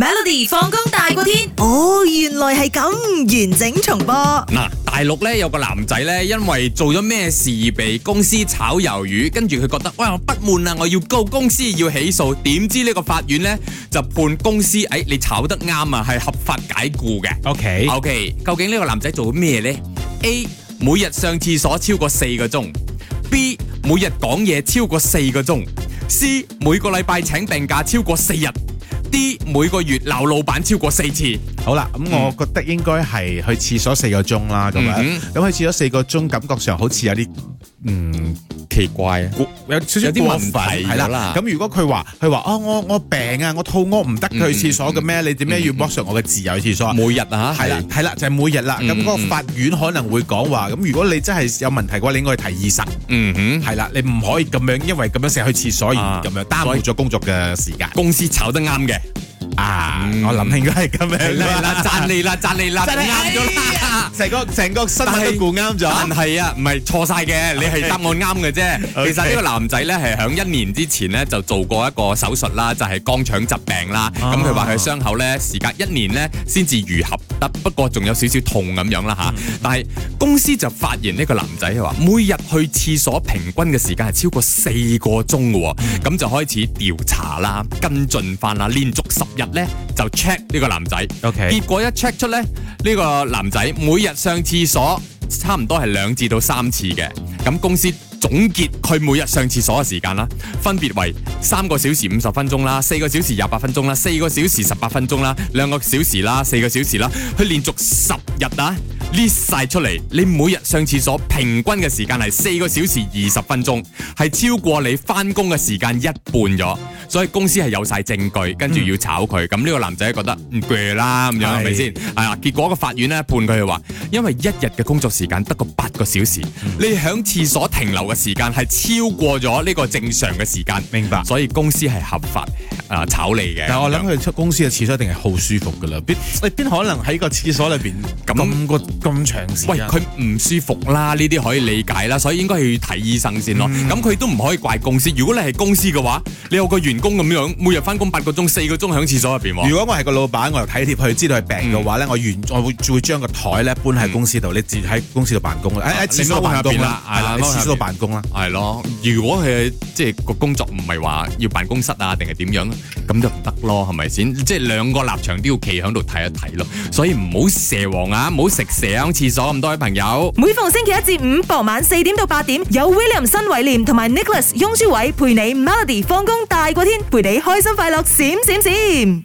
Melody 放工大過天，哦，原來係咁完整重播。嗱、啊，大陸咧有個男仔咧，因為做咗咩事而被公司炒魷魚，跟住佢覺得喂、哎，我不滿啦，我要告公司，要起訴。點知呢個法院咧就判公司，誒、哎，你炒得啱啊，係合法解雇嘅。O K O K，究竟呢個男仔做咗咩咧？A，每日上廁所超過四個鐘；B，每日講嘢超過四個鐘；C，每個禮拜請病假超過四日。啲每個月鬧老闆超過四次，好啦，咁、嗯嗯、我覺得應該係去廁所四個鐘啦，咁樣，咁、嗯嗯、去廁所四個鐘，感覺上好似有啲。嗯，奇怪，有少少啲問題啦。咁如果佢話佢話，哦，我我病啊，我肚屙唔得，去廁所嘅咩？你點解要剝削我嘅自由去廁所？每日啊，係啦係啦，就係每日啦。咁個法院可能會講話，咁如果你真係有問題嘅話，你應該去睇醫生。嗯哼，係啦，你唔可以咁樣，因為咁樣成日去廁所而咁樣耽誤咗工作嘅時間。公司炒得啱嘅。啊！我諗應該係咁樣啦，讚你啦，讚你啦，啱咗啦！成個成個身都估啱咗，但係啊，唔係錯晒嘅，你係答案啱嘅啫。其實呢個男仔咧，係響一年之前咧就做過一個手術啦，就係肛腸疾病啦。咁佢話佢傷口咧，事隔一年咧先至愈合得，不過仲有少少痛咁樣啦吓。但係公司就發現呢個男仔話，每日去廁所平均嘅時間係超過四個鐘嘅，咁就開始調查啦，跟進翻啦，連續十日。呢就 check 呢個男仔，OK，結果一 check 出咧，呢、呢個男仔每日上廁所差唔多係兩至到三次嘅。咁公司總結佢每日上廁所嘅時間啦，分別為三個小時五十分鐘啦，四個小時廿八分鐘啦，四個小時十八分鐘啦，兩個小時啦，四個小時啦，佢連續十日啊。列晒出嚟，你每日上廁所平均嘅時間係四個小時二十分鐘，係超過你返工嘅時間一半咗，所以公司係有晒證據，跟住要炒佢。咁呢個男仔覺得唔攰啦，咁樣係咪先？係、呃、啊、呃是嗯，結果個法院咧判佢話。因為一日嘅工作時間得個八個小時，嗯、你響廁所停留嘅時間係超過咗呢個正常嘅時間，明白？所以公司係合法啊、呃、炒你嘅。但我諗佢出公司嘅廁所一定係好舒服噶啦，邊邊可能喺個廁所裏邊咁個咁長時間？喂，佢唔舒服啦，呢啲可以理解啦，所以應該去睇醫生先咯。咁佢、嗯、都唔可以怪公司。如果你係公司嘅話，你有個員工咁樣每日翻工八個鐘，四個鐘響廁所入邊。如果我係個老闆，我又體貼佢，知道佢係病嘅話咧、嗯，我原我會會將個檯咧搬。喺公司度，你自喺公司度辦公啦。誒誒，廁所喺入邊啦，喺廁所辦公啦。係咯，如果佢即係個工作唔係話要辦公室啊，定係點樣，咁就唔得咯，係咪先？即係兩個立場都要企喺度睇一睇咯。所以唔好蛇王啊，唔好食蛇喺廁所。咁多位朋友，每逢星期一至五傍晚四點到八點，有 William 新偉廉同埋 Nicholas 雍舒偉陪你 Melody 放工大過天，陪你開心快樂閃閃閃。